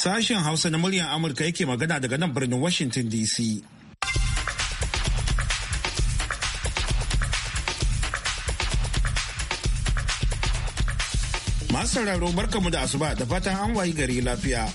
Sashen Hausa na muryar Amurka yake magana daga nan birnin Washington DC. Masu sauraro barkamu da asuba da fatan an wayi gari lafiya.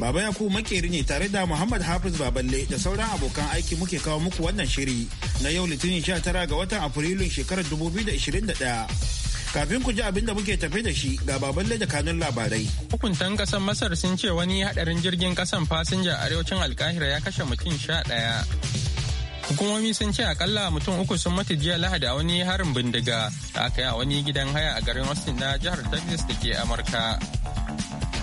Baba Yakubu makeri ne tare da Muhammad Hafiz Baballe da sauran abokan aiki muke kawo muku wannan shiri na yau Litinin 19 ga watan Afrilun shekarar 2021. Kafin ku ji abin da muke tafe da shi ga baban da kanun labarai. Hukuntan kasan Masar sun ce wani hadarin jirgin kasan fasinja arewacin alkahira ya kashe mutum sha ɗaya. Hukumomi sun ce akalla mutum uku sun mutu jiya lahadi a wani harin bindiga da aka a wani gidan haya a garin Austin na jihar Texas da ke Amurka.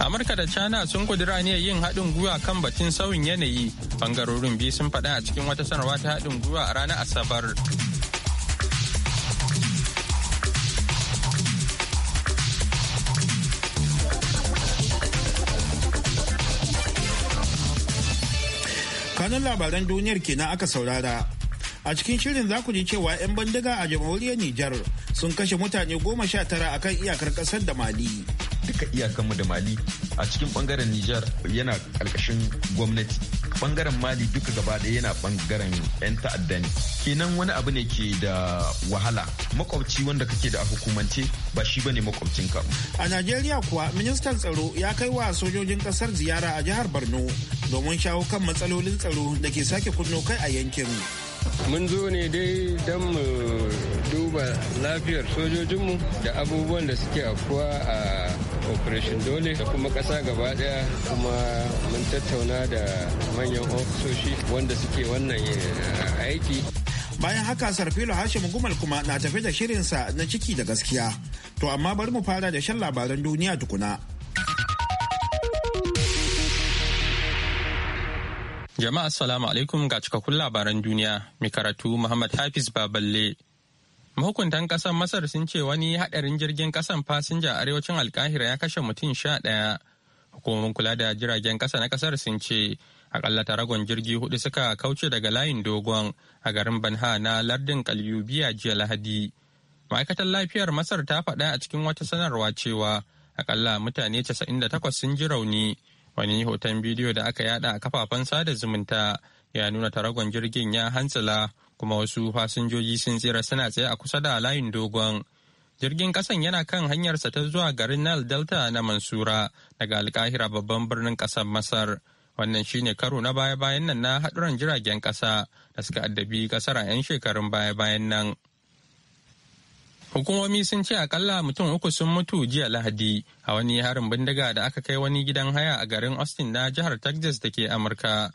Amurka da China sun kudura ne yin haɗin gwiwa kan batun sauyin yanayi. Bangarorin biyu sun faɗa a cikin wata sanarwa ta haɗin gwiwa a ranar Asabar. kanan labaran duniyar kenan aka saurara a cikin shirin za ku ji cewa 'yan bandiga a jamhuriyar nijar sun kashe mutane goma sha tara a kan iyakar kasar da mali duka iyakanmu da mali a cikin bangaren nijar yana karkashin gwamnati bangaren mali duka gaba daya yana bangaren 'yan ta'adda ne kenan wani abu ne ke da wahala makwabci wanda kake da a hukumance ba shi bane makwabcinka a najeriya kuwa ministan tsaro ya kai wa sojojin kasar ziyara a jihar borno domin shawo kan matsalolin tsaro da ke sake kunno kai a yankin. Mun zo ne dai don mu duba lafiyar sojojinmu da abubuwan da suke afuwa a operation dole da kuma ƙasa gaba ɗaya kuma mun tattauna da manyan ofisoshi wanda suke wannan eh, aiki. Bayan haka Sarfilo Hashim Gumal kuma na tafi da shirinsa na ciki da gaskiya. To amma bari mu fara da shan labaran duniya tukuna. Jama'a Assalamu alaikum ga cikakkun labaran duniya, mai karatu Muhammad Hafiz Baballe. Mahukuntan ƙasar Masar sun ce wani haɗarin jirgin ƙasar fasinja arewacin Alkahira ya kashe mutum sha ɗaya. Hukumomin kula da jiragen ƙasa na ƙasar sun ce akalla taragon jirgi hudu suka kauce daga layin dogon a garin Banha na lardin Kalyubiya jiya Lahadi. Ma'aikatar lafiyar Masar ta faɗa a cikin wata sanarwa cewa aƙalla mutane 98 sun ji rauni wani hoton bidiyo da aka yada a kafafen sada zumunta ya nuna taragon jirgin ya hantsila kuma wasu fasinjoji sun tsira suna tsaye a kusa da layin dogon jirgin kasan yana kan hanyarsa ta zuwa garin nile delta na mansura daga alkahira babban birnin kasar masar wannan shine karo na baya-bayan nan na haɗuran jiragen ƙasa da suka addabi ƙasar a 'yan shekarun baya-bayan nan. Hukumomi sun ce akalla mutum uku sun mutu jiya Lahadi a wani harin bindiga da aka kai wani gidan haya a garin Austin na jihar Texas da ke Amurka.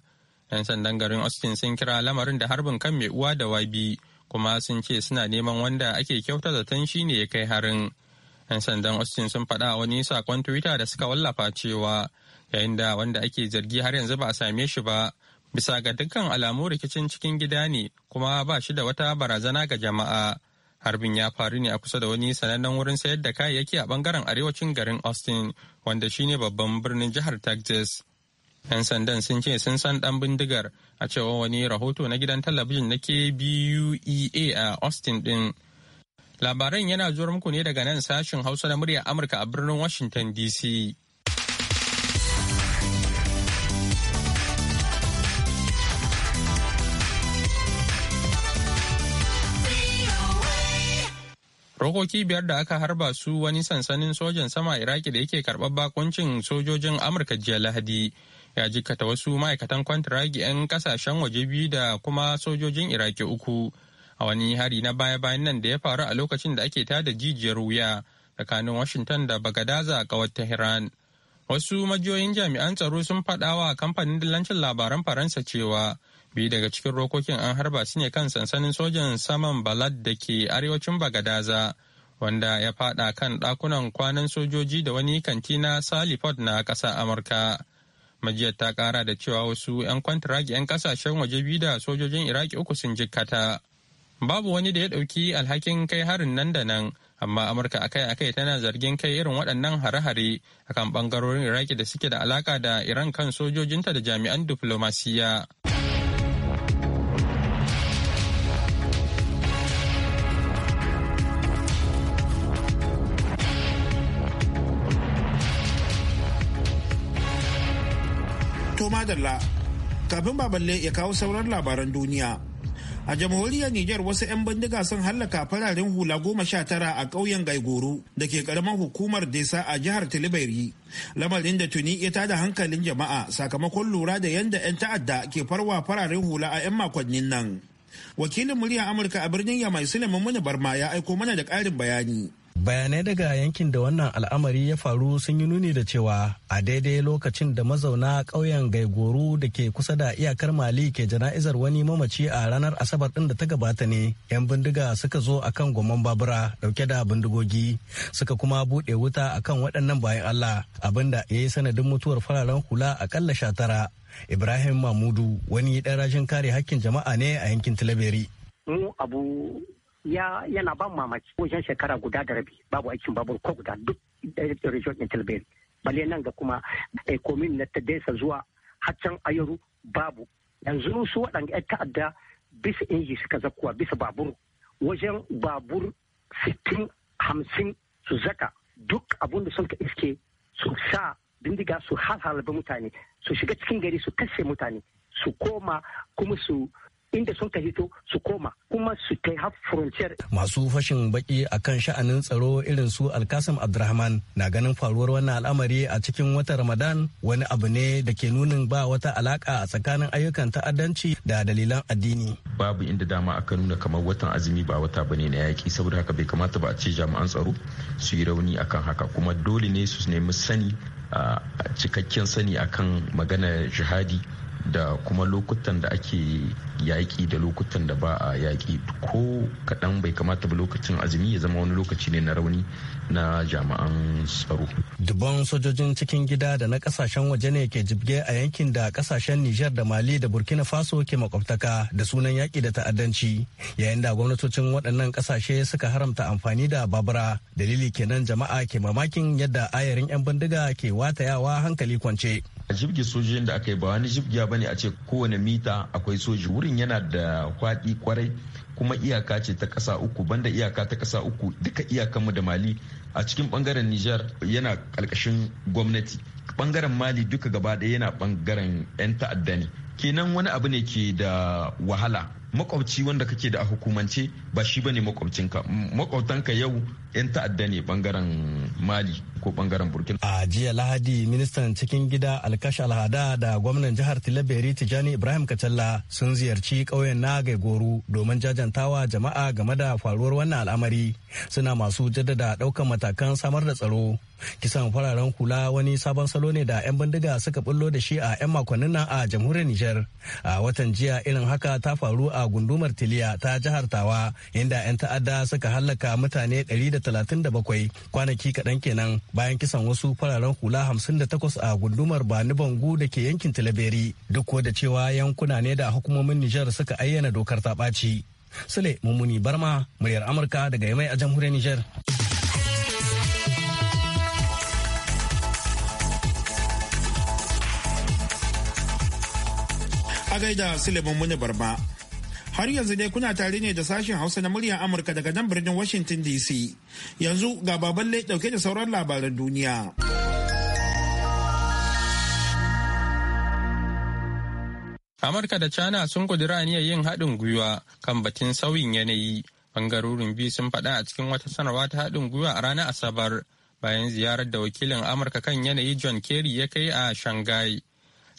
'Yan sandan garin Austin sun kira lamarin da harbin kan mai uwa da wabi kuma sun ce suna neman wanda ake kyauta zaton shi ne ya kai harin. 'Yan sandan Austin sun faɗa wani sakon Twitter da suka wallafa cewa yayin da wanda ake zargi har yanzu ba a same shi ba bisa ga dukkan alamu rikicin cikin gida ne kuma ba shi da wata barazana ga jama'a. Harbin ya faru ne a kusa da wani sanannen wurin sayar da kayayyaki a bangaren arewacin garin Austin, wanda shine babban birnin jihar Texas. 'Yan sandan sun ce sun san dan bindigar a cewa wani rahoto na gidan talabijin na KBUEA a Austin ɗin. Labaran yana zuwa muku ne daga nan sashin Hausa na murya Amurka a birnin Washington DC. rokoki biyar da aka harba su wani sansanin sojan sama iraki da yake karɓar bakuncin sojojin amurka jiya lahadi ya jikkata wasu ma'aikatan kwantiragi 'yan kasashen waje biyu da kuma sojojin iraki uku a wani hari na baya-bayan nan da ya faru a lokacin da ake tada jijiyar wuya tsakanin washington da bagadaza kawar tehran wasu majiyoyin jami'an tsaro sun faɗa wa kamfanin dillancin labaran faransa cewa biyu daga cikin rokokin an harba su ne kan sansanin sojan saman balad da ke arewacin bagadaza wanda ya fada kan dakunan kwanan sojoji da wani kanti na salifod na ƙasa amurka majiyar ta kara da cewa wasu 'yan kwantiragi 'yan kasashen waje biyu da sojojin iraki uku sun jikkata babu wani da ya ɗauki alhakin kai harin nan da nan amma amurka akai-akai tana zargin kai irin waɗannan hare-hare akan bangarorin iraki da suke da alaka da iran kan sojojinta da jami'an diflomasiyya To madalla, kafin baballe ya kawo sauran labaran duniya. A jamhuriyar niger wasu 'yan bindiga sun hallaka fararen hula goma sha tara a ƙauyen Gaigoro da ke ƙaramin hukumar Desa a jihar Tilibiri. Lamarin da tuni ya tada hankalin jama'a sakamakon lura da yadda 'yan ta'adda ke farwa fararen hula a 'yan makonnin nan. Wakilin murya Amurka a birnin Yamai sulaiman Muni Barma ya aiko mana da ƙarin bayani. bayanai daga yankin da wannan al'amari ya faru sun yi nuni da cewa a daidai lokacin da mazauna ƙauyen gaigoro da ke kusa da iyakar mali ke jana'izar wani mamaci a ranar asabar ɗin da ta gabata ne 'yan bindiga suka zo akan goman babura dauke da bindigogi suka kuma buɗe wuta akan waɗannan bayan allah abin da ya yi sanadin mutuwar fararen hula akalla sha tara ibrahim mamudu wani ɗan rajin kare haƙƙin jama'a ne a yankin tilaberi mu abu ya yana ban mamaki wajen shekara guda da rabi babu aikin babur ko guda duk da region intelbel bale nan ga kuma eh, komin na tadesa zuwa haccan ayaru babu yanzu su waɗanda ya ta'adda bisa inji suka zakuwa bisa babur wajen babur sittin hamsin su zaka duk abun da sun ka iske su sa bindiga su halhalba mutane su shiga cikin gari su kashe mutane su koma kuma su inda sun ka hito su koma kuma su kai har frontier. Masu fashin baki akan sha'anin tsaro irin su Alkasim Abdurrahman na ganin faruwar wannan al'amari a cikin watan Ramadan wani abu ne da ke nunin ba wata alaka a tsakanin ayyukan ta'addanci da dalilan addini. Babu inda dama aka nuna kamar watan azumi ba wata bane na yaki saboda haka bai kamata ba a ce jami'an tsaro su yi rauni akan haka kuma dole ne su nemi sani a cikakken sani akan maganar jihadi da kuma lokutan da ake yaƙi da lokutan da ba a yaƙi ko kaɗan bai kamata ba lokacin azumi ya zama wani lokaci ne na rauni na jami'an tsaro. Dubban sojojin cikin gida da na kasashen waje ne ke jibge a yankin da kasashen Nijar da Mali da Burkina Faso ke makwabtaka da sunan yaƙi da ta'addanci yayin da gwamnatocin waɗannan kasashe suka haramta amfani da babura dalili kenan jama'a ke mamakin yadda ayarin 'yan bindiga ke watayawa hankali kwance. a jibgi sojojin da aka yi ba wani jibgiya bane a ce kowane mita akwai soji wurin yana da kwaɗi kwarai kuma iyaka ce ta ƙasa uku banda iyaka ta ƙasa uku duka iyakanmu da mali a cikin bangaren niger yana ƙarƙashin gwamnati bangaren mali duka gaba ɗaya yana bangaren 'yan ta'adda ne kenan wani abu ne ke da wahala makwabci wanda kake da a hukumance ba shi bane makwabcinka makwabtanka yau 'yan ta'adda ne bangaren mali ko bangaren burkina a jiya lahadi ministan cikin gida alkash alhada da gwamnan jihar tilaberi tijani ibrahim kacalla sun ziyarci ƙauyen nagai goro domin jajantawa jama'a game da faruwar wannan al'amari suna masu jaddada ɗaukan matakan samar da tsaro kisan fararen hula wani sabon salo ne da 'yan bindiga suka bullo da shi a 'yan makonnin nan a jamhuriyar Nijar. A watan jiya irin haka ta faru a gundumar Tiliya ta jihar Tawa inda 'yan ta'adda suka hallaka mutane 37 kwanaki kaɗan kenan bayan kisan wasu fararen hula 58 a gundumar bani bangu da ke yankin tilaberi duk da cewa yankuna ne da hukumomin nijar suka ayyana dokar ta ɓaci sule mummuni barma muryar amurka daga yamai a jamhuriyar nijar a gaida sule mummuni barma Har yanzu dai kuna tare ne da sashen Hausa na muryar Amurka daga nan birnin Washington DC. Yanzu ga baballe dauke da sauran labaran duniya. Amurka da China sun kudura aniyar yin haɗin gwiwa kan batun sauyin yanayi. Bangarorin biyu sun faɗa a cikin wata sanarwa ta haɗin gwiwa a ranar Asabar bayan ziyarar da wakilin Amurka kan yanayi John Kerry ya kai a Shanghai.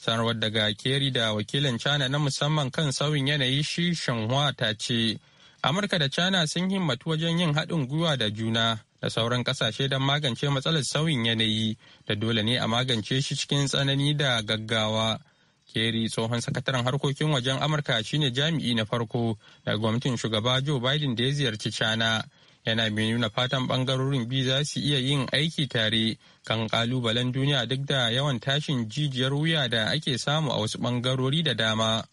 sanarwar daga keri da wakilin china na musamman kan sauyin yanayi shi shanhua ta ce amurka da china sun himmatu wajen yin haɗin gwiwa da juna da sauran kasashe don magance matsalar sauyin yanayi da dole ne a magance shi cikin tsanani da gaggawa keri tsohon sakataren harkokin wajen amurka shine jami'i na farko daga gwamnatin shugaba joe biden da ya ziyarci china yana mai nuna fatan bangarorin biyu za su iya yin aiki tare kan kalubalen duniya duk da yawan tashin jijiyar wuya da ake samu a wasu bangarori da dama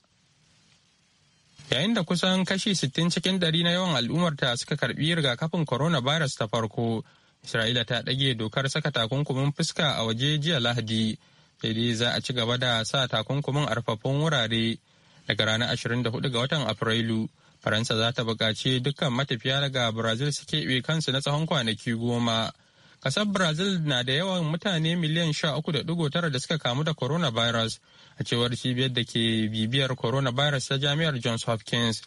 yayin da kusan kashi 60 cikin ɗari na yawan al'ummarta suka karbi rigakafin coronavirus ta farko isra'ila ta ɗage dokar saka takunkumin fuska a waje jiya lahadi sai dai za a ci gaba da sa takunkumin a wurare daga ranar 24 ga watan afrilu faransa za ta buƙaci dukkan matafiya daga brazil su keɓe kansu na tsawon kwanaki goma kasar brazil na da yawan mutane miliyan sha uku da digo tara da suka kamu da coronavirus a cewar cibiyar da ke bibiyar coronavirus ta jami'ar johns hopkins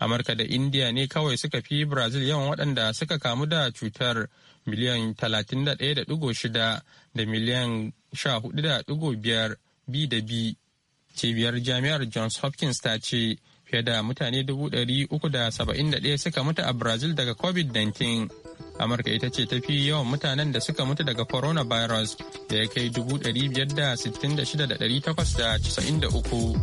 amurka da india ne kawai suka fi brazil yawan waɗanda suka kamu da cutar miliyan talatin da da da shida miliyan sha hudu da biyar bi da bi cibiyar jami'ar johns hopkins ta ce fiye da mutane 371 suka mutu a brazil daga covid-19 amurka ita ce tafi yawan mutanen da suka mutu daga coronavirus da ya kai 566,893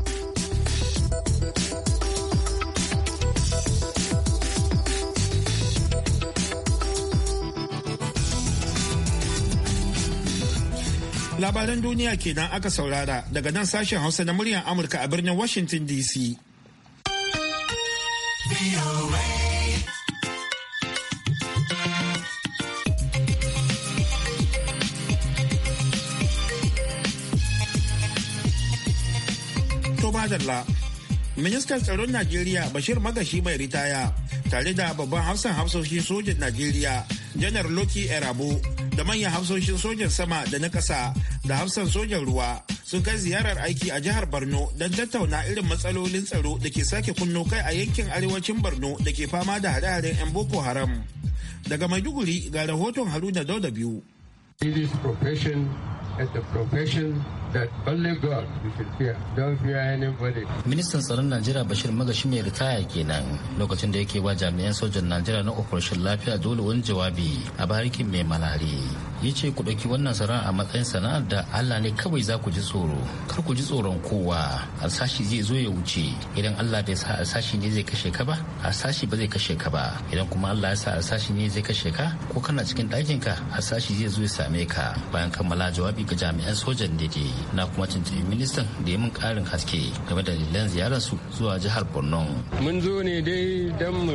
Labaran duniya kenan aka saurara daga nan sashen Hausa na muryar Amurka a birnin Washington DC. Madalla. Ministan tsaron Najeriya Bashir Magashi mai ritaya tare da babban hafsan hafsoshin sojin Najeriya Janar Loki Erabo da manyan hafsoshin sojan sama da na ƙasa da hafsan sojan ruwa sun kai ziyarar aiki a jihar Borno don tattauna irin matsalolin tsaro da ke sake kunno kai a yankin arewacin Borno da ke fama da hare-haren 'yan Boko Haram. Daga Maiduguri ga rahoton Haruna Dauda biyu. Ministan tsaron Najeriya Bashir Magashi mai ritaya kenan lokacin da yake wa jami'an sojan Najeriya na operation lafiya dole wani jawabi a barikin mai malari. ya ce ku ɗauki wannan tsaron a matsayin sana'ar da Allah ne kawai za ku ji tsoro kar ku ji tsoron kowa alsashi zai zo ya wuce idan Allah bai sa alsashi ne zai kashe ka ba alsashi ba zai kashe ka ba idan kuma Allah ya sa alsashi ne zai kashe ka ko kana cikin ɗakin ka alsashi zai zo ya same ka bayan kammala jawabi ga jami'an sojan daidai. na kuma tuntuɓi ministan da ya min ƙarin haske game da dalilan ziyararsu zuwa jihar borno mun zo ne dai don mu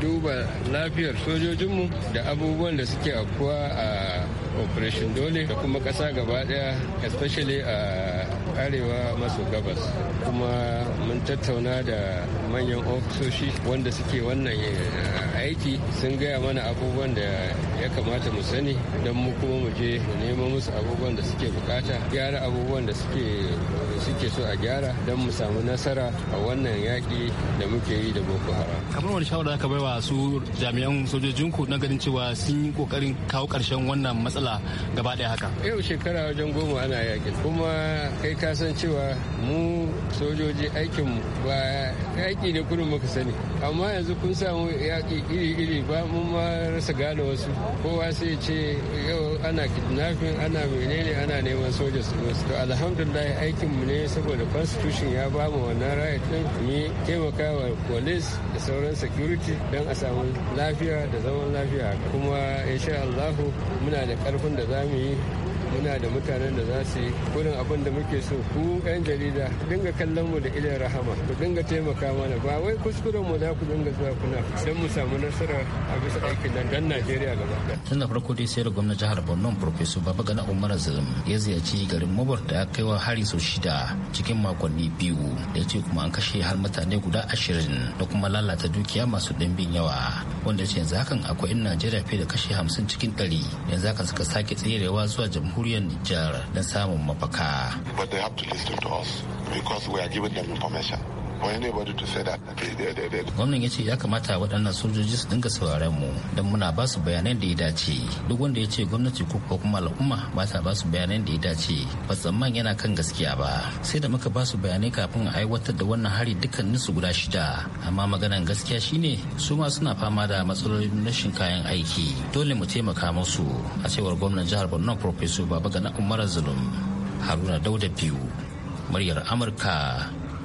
duba lafiyar sojojinmu da abubuwan da suke afkuwa a operation dole da kuma ƙasa gaba ɗaya especially a arewa maso gabas kuma mun tattauna da manyan ofisoshi wanda suke wannan eh, aiki sun gaya mana abubuwan da ya kamata mu sani don mu kuma mu je mu nemo musu abubuwan da suke bukata gyara abubuwan da suke so a gyara don mu samu nasara a wannan yaƙi da muke yi da boko haram kamar wani shawara aka baiwa su jami'an sojojin ku na ganin cewa sun yi kokarin kawo ƙarshen wannan matsala gaba ɗaya haka yau shekara wajen goma ana yakin kuma kai ka san cewa mu sojoji aikinmu ba aiki ne kurin muka sani amma yanzu kun samu yaƙi iri-iri ba mu ma rasa gane wasu kowa sai ce yau ana kidnapping ana menene ana neman soja su to alhamdulillah aikin mu ne saboda constitution ya ba mu wannan right din mu taimaka wa police da sauran security don a samu lafiya da zaman lafiya kuma insha Allah muna da karfin da za mu yi muna da mutanen da za su yi kurin abin da muke so ku 'yan jarida dinga kallon mu da ilin rahama ku dinga taimaka mana ba wai kuskuren mu za ku dinga zuwa kuna don mu samu nasara a bisa aikin nan don Najeriya gaba ɗaya. Tun da farko dai sai da gwamnati jihar Borno Professor Babagana Umar Zulum ya ziyarci garin Mobar da ya kai wa hari sau shida cikin makonni biyu da ya ce kuma an kashe har mutane guda ashirin da kuma lalata dukiya masu ɗimbin yawa wanda ya ce yanzu hakan akwai in Najeriya fiye da kashe hamsin cikin ɗari yanzu hakan suka sake tserewa zuwa jamhuriyar jamhuriyar Nijar don samun mafaka. But they have to listen to us because we are giving them information. gwamnan ya ce ya kamata waɗannan sojoji su dinga sauraren mu don muna ba su bayanan da ya dace duk wanda ya ce gwamnati ko kuma al'umma ba ta ba su bayanan da ya dace ba tsamman yana kan gaskiya ba sai da muka ba su bayanai kafin a aiwatar da wannan hari dukkanin su guda shida amma maganan gaskiya shine su ma suna fama da matsalolin rashin kayan aiki dole mu taimaka musu a cewar gwamnan jihar borno professor babagana umar zulum haruna dauda biyu muryar amurka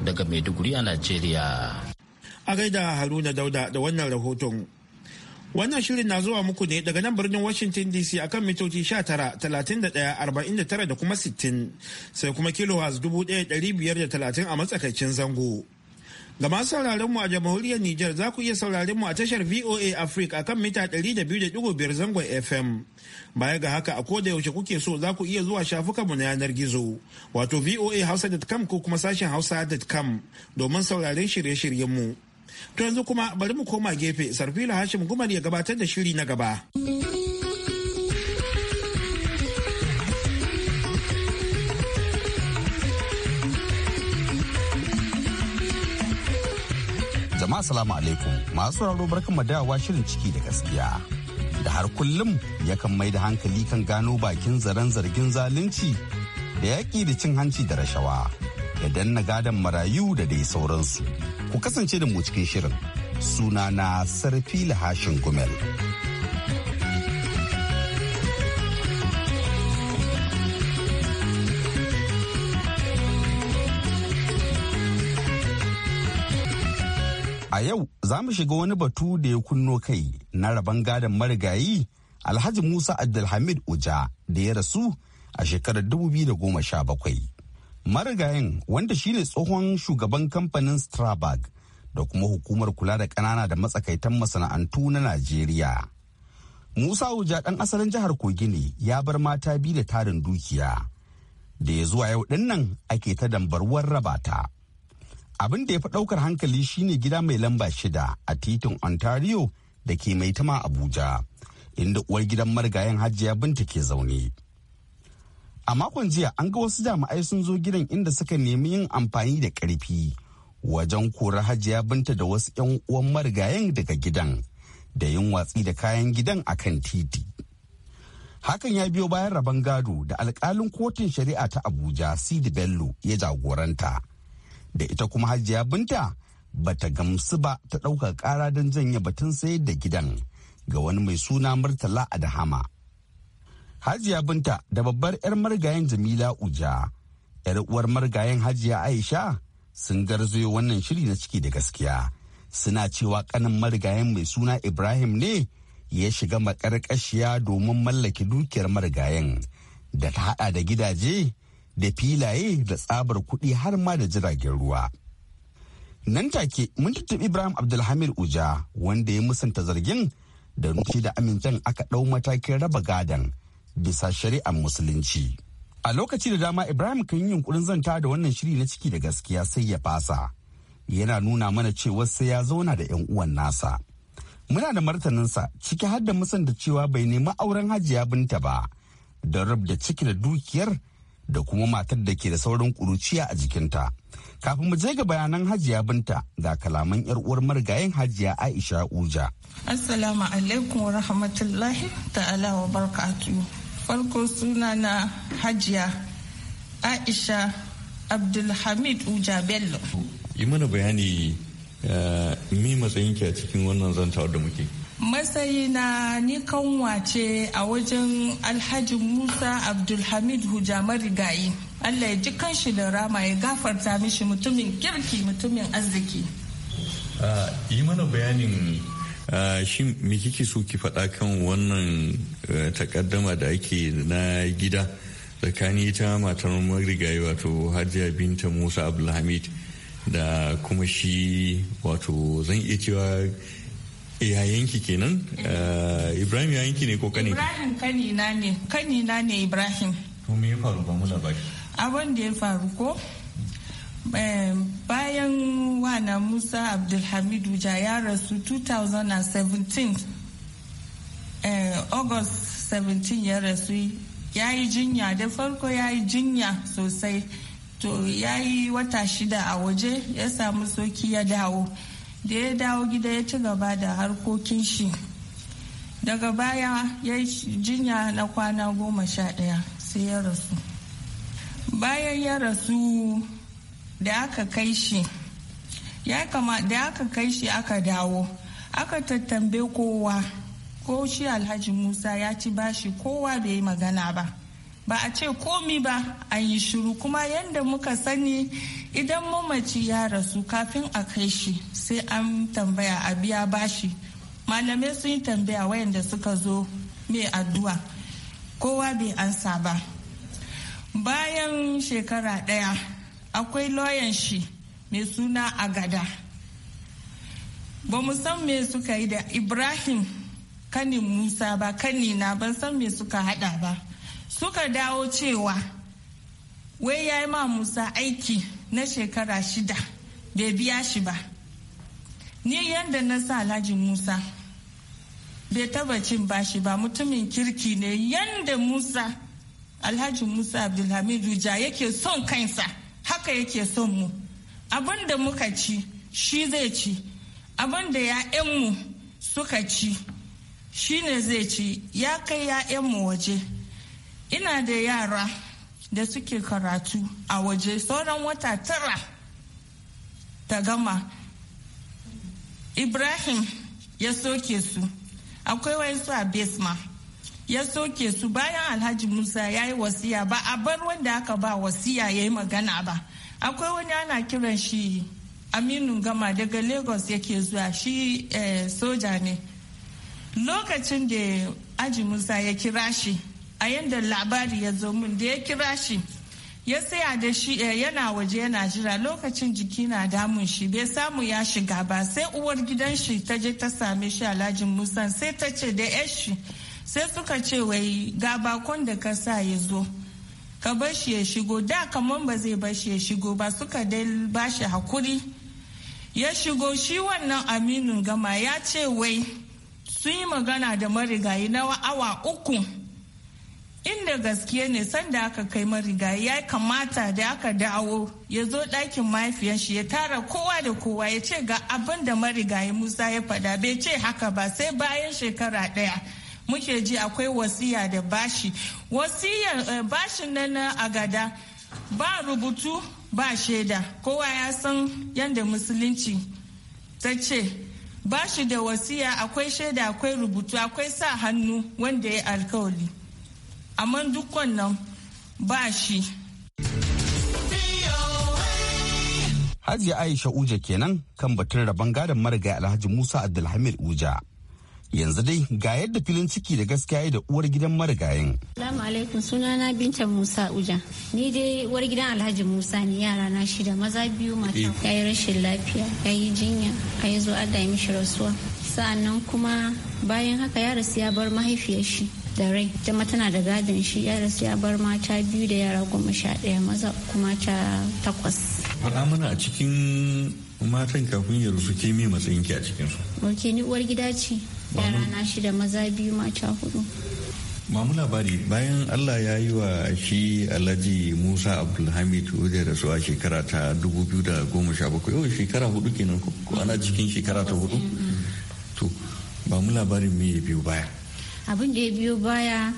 daga Maiduguri a Najeriya. A gaida Haruna Dauda da wannan rahoton. Wannan shirin na zuwa muku ne daga nan birnin Washington DC akan mitoci 19,31,49 da kuma 60 sai kuma da 1,530 a matsakaicin zango. Ga masu sauraron mu a jamhuriyar Nijar za ku iya sauraron mu a tashar VOA Africa a kan mita 200.5 zangon FM. Baya ga haka a koda yaushe kuke so za ku iya zuwa shafukan mu na yanar gizo wato voa hausa.com ko kuma sashen hausa.com domin sauraron shirye-shiryen mu. To yanzu kuma bari mu koma gefe Sarfila Hashim Gumar ya gabatar da shiri na gaba. jama'a alaikum masu raro barkan mu shirin ciki da gaskiya da har kullum yakan mai da hankali kan gano bakin zaren zargin zalunci da yaƙi da cin hanci da rashawa da danna gadon marayu da dai sauransu ku kasance da mu cikin shirin sunana sarfi hashin gumel. A yau za mu shiga wani batu da ya kunno kai na rabon gadon marigayi Alhaji Musa Abdulhamid Uja da ya rasu a shekarar 2017. Marigayin wanda shine tsohon shugaban kamfanin Strabag da kuma hukumar kula da ƙanana da matsakaitan masana'antu na Najeriya. Musa Uja ɗan asalin jihar Kogi ne ya bar mata biyu da tarin dukiya. Da ya zuwa yau ɗin nan ake ta dambarwar rabata. abin da ya fi ɗaukar hankali shine gida mai lamba shida a titin ontario da ke mai tama abuja inda uwar gidan marigayen hajiya binta ke zaune a makon jiya an ga wasu jami'ai sun zo gidan inda suka nemi yin amfani da ƙarfi wajen kora hajiya binta da wasu 'yan uwan marigayen daga gidan da yin watsi da kayan gidan akan titi hakan ya biyo bayan rabon gado da alkalin kotun shari'a ta abuja sidi bello ya jagoranta da ita kuma hajiya binta ba ta gamsu ba ta ɗauka ƙara don janye batun sayar da gidan ga wani mai suna murtala a dahama. hajiya binta da babbar 'yar marigayen jamila uja 'yar uwar marigayen hajiya aisha sun garzayo wannan shiri na ciki da gaskiya suna cewa kanin marigayen mai suna ibrahim ne ya shiga makarƙashiya domin mallaki dukiyar marigayen da ta hada da gidaje da filaye da tsabar kuɗi har ma da jiragen ruwa. Nan take mun tuntuɓi Ibrahim Abdulhamid Uja wanda ya musanta zargin da nufi da amincin aka ɗau matakin raba gadon. bisa shari'ar musulunci. A lokaci da dama Ibrahim kan yi yunkurin zanta da wannan shiri na ciki da gaskiya sai ya fasa. Yana nuna mana cewa sai ya zauna da 'yan uwan nasa. Muna da martaninsa ciki har da musanta cewa bai nemi auren hajiya binta ba. da rab da ciki da dukiyar da kuma matar da ke da saurin ƙuruciya a jikinta. Kafin mu je ga bayanan Hajiya Binta ga kalaman 'yar uwar marigayen Hajiya Aisha Uja. Assalamu alaikum wa rahmatullahi ta'ala wa barkatu. Farko suna na Hajiya Aisha Abdulhamid Uja Bello. Yi mana bayani eh, mi matsayinki a cikin wannan zantawar da muke. matsayina ni kanwa ce a wajen alhaji musa abdulhamid hujama rigayi allah ya ji kanshi da rama ya gafarta mishi mutumin kirki mutumin arziki yi mana bayanin shi me kike so ki faɗa kan wannan takaddama da ake na gida tsakani ta matar marigayi wato hajiya binta musa abdulhamid da kuma shi wato zan iya cewa yayanki kenan eh, ibrahim yanki ne ko ibrahim kani ne ne ibrahim to me ya faru ba mu labari abin da ya faru ko eh, bayan wana musa abdulhamidu ja ya rasu 2017 eh, august 17 ya rasu ya yi jinya da farko ya yi jinya sosai to ya yi wata shida a waje ya samu soki ya dawo da ya dawo gida ya ci gaba da harkokin shi daga baya ya yi jinya na kwana goma sha ɗaya sai ya rasu bayan ya rasu da aka kai shi ya kama da aka kai shi aka dawo aka tattambe kowa ko shi alhaji musa ya ci bashi kowa bai yi magana ba ba a ce komi ba a yi shiru kuma yadda muka sani idan mamaci ya rasu kafin a kai shi sai an tambaya a biya bashi malamai sun yi tambaya wayanda suka zo mai addu'a kowa bai ansa ba bayan shekara ɗaya akwai loyan shi mai suna agada ba mu san me suka yi da ibrahim kanin musa ba kanina ban san me suka hada ba suka dawo cewa wai ya yi ma musa aiki na shekara shida bai biya shi ba ni yadda na sa alhaji musa bai taba cin bashi ba mutumin kirki ne yadda musa alhaji musa abdulhamidu ja yake son kansa haka yake son mu abin da muka ci shi zai ci abin da ya'yanmu suka ci shi ne zai ci ya kai ya'yanmu waje ina da yara da suke karatu a waje sauran wata tara ta gama ibrahim ya soke su akwai su a besma ya soke su bayan alhaji musa ya yi wasiya ba a bar wanda aka ba wasiya ya yi magana ba akwai wani ana kiran shi aminu gama daga lagos yake zuwa shi eh, soja ne lokacin da aji musa ya kira shi a yadda labari ya zo min da ya kira shi ya tsaya da shi eh, yana waje yana jira lokacin jiki na damun shi bai samu ya shiga ba sai uwar gidan shi ta je ta same shi alhaji musa sai ta ce da yar shi sai suka ce wai ga bakon da ka sa ya zo ka bar shi ya shigo da kamar ba zai bar shi ya shigo ba suka dai ba shi hakuri ya shigo shi wannan aminu gama ya ce wai sun yi magana da marigayi na awa uku inda gaskiya ne sanda aka kai mariga ya kamata da aka dawo ya zo ɗakin mahaifiyan shi ya tara kowa da kowa ya ce ga abin da marigayi musa ya fada bai ce haka ba sai bayan shekara ɗaya muke ji akwai wasiya da bashi wasiyar eh, bashin nan na agada ba rubutu ba shaida kowa ya san yadda musulunci ta ce bashi da wasiya akwai shaida akwai rubutu akwai sa hannu wanda ya alkawali amma duk wannan ba shi Hajiya Aisha Uja kenan kan batun rabon gadon marigayi Alhaji Musa Abdulhamid Uja. yanzu dai ga yadda filin ciki da gaskiya da uwar gidan marigayin. Salamu alaikum sunana Binta Musa Uja. Ni dai uwar gidan Alhaji Musa ne yara na shida maza biyu mata. Eh. Ya yi rashin lafiya, ya yi jinya, a yi zo Allah ya mishi rasuwa. Sa'annan kuma bayan haka ya rasu ya bar mahaifiyar shi. da rai jama tana da gadin shi ya rasu ya bar mata biyu da yara goma sha ɗaya maza kuma ta takwas faɗa mana a cikin matan kafin ya rusu ke mai matsayin ki a cikin su ok ni uwar gida ce yara na shi da maza biyu mata hudu mamu labari bayan allah ya yi wa shi alhaji musa abdulhamid wajen da su a shekara ta 2017 yau shekara hudu kenan ko ana cikin shekara ta hudu to ba mu labarin me biyu baya abin da ya biyo baya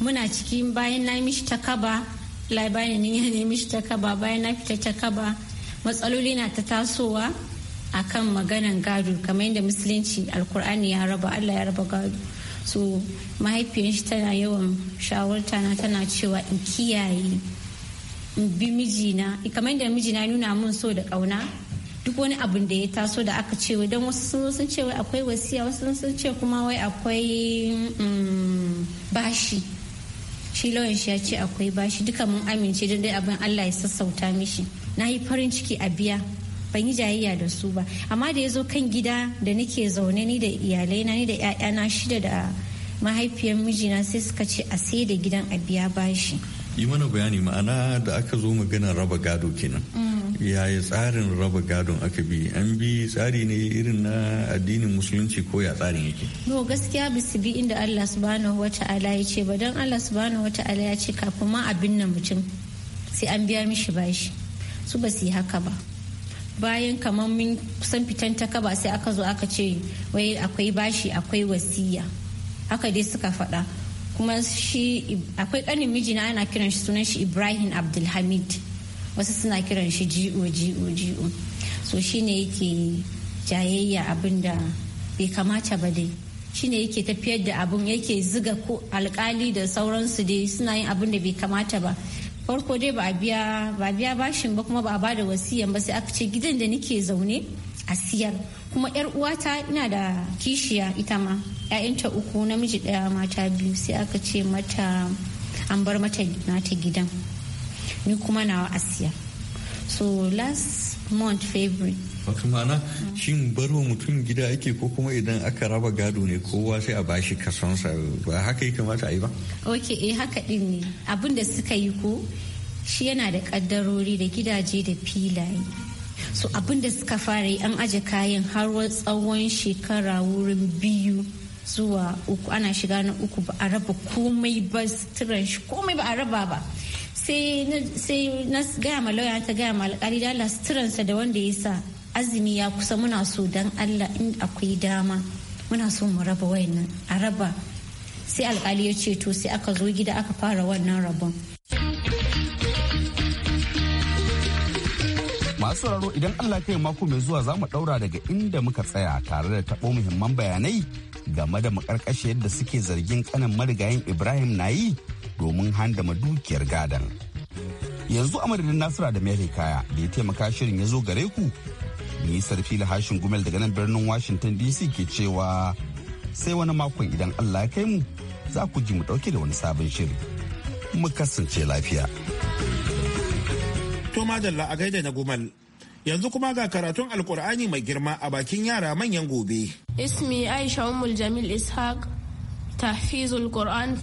muna cikin bayan na mishi ta kaba labarin ya nemi mishi ta kaba bayan na fita ta kaba matsaloli na ta tasowa a kan maganan gado kamar yadda musulunci alkur'ani ya raba allah ya raba gado so mahaifiyar shi tana yawan shawarta na tana cewa in kiyaye in bi mijina kamar yadda mijina nuna mun so da ƙauna. duk wani abin da ya taso da aka ce don wasu sun ce wai akwai wasiya wasu sun ce kuma wai akwai mm, bashi shi lawan shi ya ce akwai bashi duka mun amince don dai abin Allah ya sassauta mishi na yi farin ciki a biya ban yi jayayya da su ba amma da ya zo kan gida da nake zaune ni da iyalai na ni da 'ya'yana shida da mahaifiyar mijina sai suka ce a sai da gidan a biya bashi yi mana bayani ma'ana da aka zo magana raba gado kenan mm. yaya tsarin raba gadon aka bi an bi tsari ne irin na addinin musulunci ko ya tsarin yake no gaskiya bisu bi inda Allah subhanahu wata'ala ya ce ba dan Allah subhanahu wata'ala ya ce kafin ma abin nan mutum sai an biya mishi bashi su ba su yi haka ba bayan kamar min kusan fitan ta kaba sai aka zo aka ce wai akwai bashi akwai wasiya haka dai suka faɗa kuma shi akwai ƙanin mijina ana kiran shi sunan shi Ibrahim Abdulhamid wasu suna kiran shi ji'o so shine yake jayayya abin da bai kamata ba dai shine yake tafiyar da abun yake ziga ko alkali da sauransu dai suna yin abin da bai kamata ba farko dai ba biya ba biya bashin ba kuma ba a bada wasiyan ba sai aka ce gidan da nake zaune a siyar kuma yar uwata ina da kishiya ita ma ta uku namiji daya mata biyu sai aka ce mata an bar mata gidan ni kuma nawa asiya so last month february wato ma'ana shin barwa mutum gida ake ko kuma idan aka raba gado ne kowa sai a bashi kasonsa ba haka yi kamata a yi ba ok eh haka din ne abin da suka yi ko shi yana da kaddarori da gidaje da filaye so abin da suka fara yi an aje kayan har tsawon shekara wurin biyu zuwa uku ana shiga na uku ba a raba komai ba suturan komai ba a raba ba sai na gaya ma lauya ta gaya ma alkali da Allah suturansa da wanda ya sa azumi ya kusa muna so dan Allah in akwai dama muna so mu raba wayannan a raba sai alkali ya ce to sai aka zo gida aka fara wannan rabon masu sauraro idan Allah kai mako mai zuwa za mu daura daga inda muka tsaya tare da tabo muhimman bayanai game da makarkashiyar yadda suke zargin kanan marigayin Ibrahim na yi domin handama dukiyar gadan. Yanzu a madadin Nasira da Mary Kaya da ya taimaka shirin ya zo gare ku. Ni sarfi hashin gumel daga nan birnin Washington DC ke cewa sai wani makon idan Allah ya kai mu za ku ji mu dauke da wani sabon shiri. Mu kasance lafiya. To madalla a gaida na gumel yanzu kuma ga karatun alkur'ani mai girma a bakin yara manyan gobe. Ismi Aisha Ummul Jamil Ishaq, Tahfizul Qur'an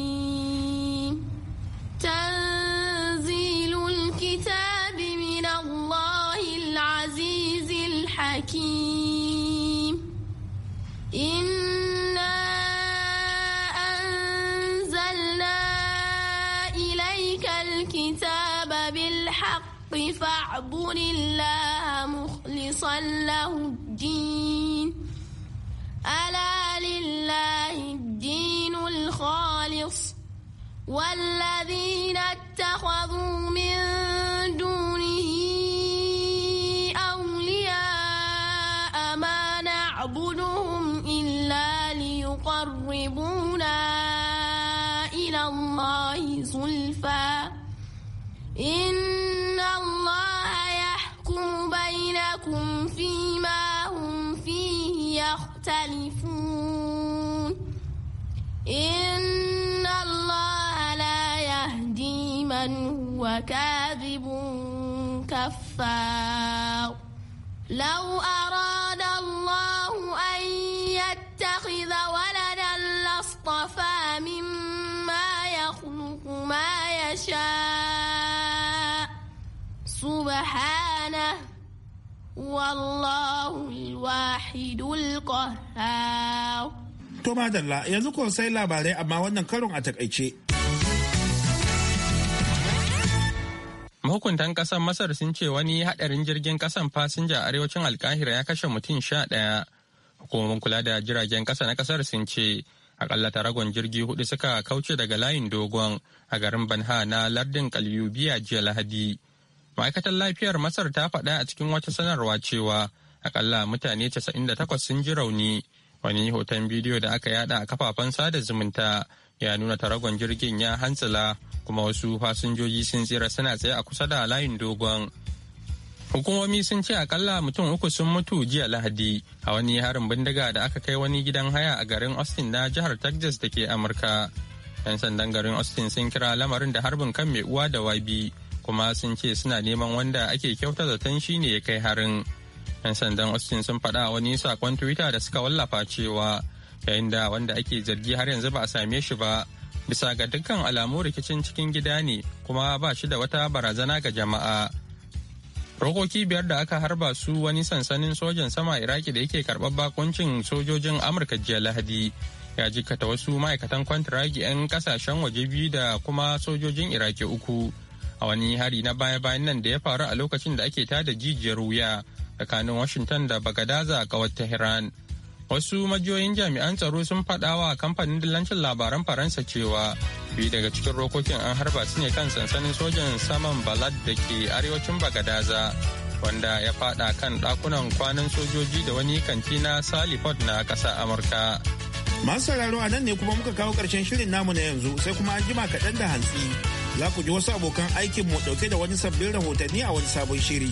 فاعبد الله مخلصا له الدين ألا لله الدين الخالص والذين اتخذوا يختلفون إن الله لا يهدي من هو كاذب كفار لو أراد الله أن يتخذ ولدا لاصطفى مما يخلق ما يشاء سبحانه wallahu wahidul to madalla yanzu ko sai labarai amma wannan karon a takaice mahukuntan kasar masar sun ce wani haɗarin jirgin kasan fasinja arewacin alkahira ya kashe mutum sha ɗaya hukumomin kula da jiragen ƙasa na ƙasar sun ce akalla taragon jirgi hudu suka kauce daga layin dogon a garin banha na lardin kalyubiya jiya lahadi ma'aikatar lafiyar masar ta faɗa a cikin wata sanarwa cewa akalla mutane 98 sun ji rauni wani hoton bidiyo da aka yada a kafafen sada zumunta ya nuna taragon jirgin ya hantsila kuma wasu fasinjoji sun tsira suna tsaye a kusa da layin dogon hukumomi sun ce akalla mutum uku sun mutu jiya lahadi a wani harin bindiga da aka kai wani gidan haya a garin austin na jihar texas da ke amurka 'yan sandan garin austin sun kira lamarin da harbin kan mai uwa da wabi kuma sun ce suna neman wanda ake kyauta zaton shi ne ya kai harin. 'Yan sandan Austin sun faɗa wani sakon Twitter da suka wallafa cewa yayin da wanda ake zargi har yanzu ba a same shi ba bisa ga dukkan alamu rikicin cikin gida ne kuma ba shi da wata barazana ga jama'a. Rokoki biyar da aka harba su wani sansanin sojan sama Iraki da yake karɓar bakuncin sojojin Amurka jiya Lahadi ya jikkata wasu ma'aikatan kwantiragi 'yan kasashen waje biyu da kuma sojojin Iraki uku. a wani hari na baya-bayan nan da ya faru a lokacin da ake tada jijiyar wuya tsakanin washington da bagadaza a kawar tehran wasu majiyoyin jami'an tsaro sun faɗa wa kamfanin dillancin labaran faransa cewa biyu daga cikin rokokin an harba su ne kan sansanin sojan saman balad da ke arewacin bagadaza wanda ya faɗa kan ɗakunan kwanan sojoji da wani kanti na salifod na ƙasa amurka masu sauraro a nan ne kuma muka kawo ƙarshen shirin namu na yanzu sai kuma an jima kaɗan da hantsi za ku ji wasu abokan aikinmu dauke da wani sabbin rahotanni a wani sabon shiri.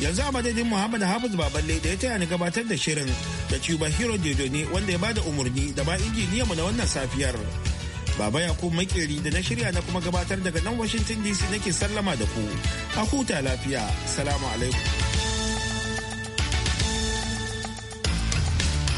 Yanzu a madadin Muhammad Hafiz Baballe da ya taya ni gabatar da shirin da Cuba Hero ne wanda ya bada umarni da ba mu na wannan safiyar. Baba Yakub Makeri da na shirya na kuma gabatar daga nan Washington DC nake sallama da ku. A huta lafiya. Salamu alaikum.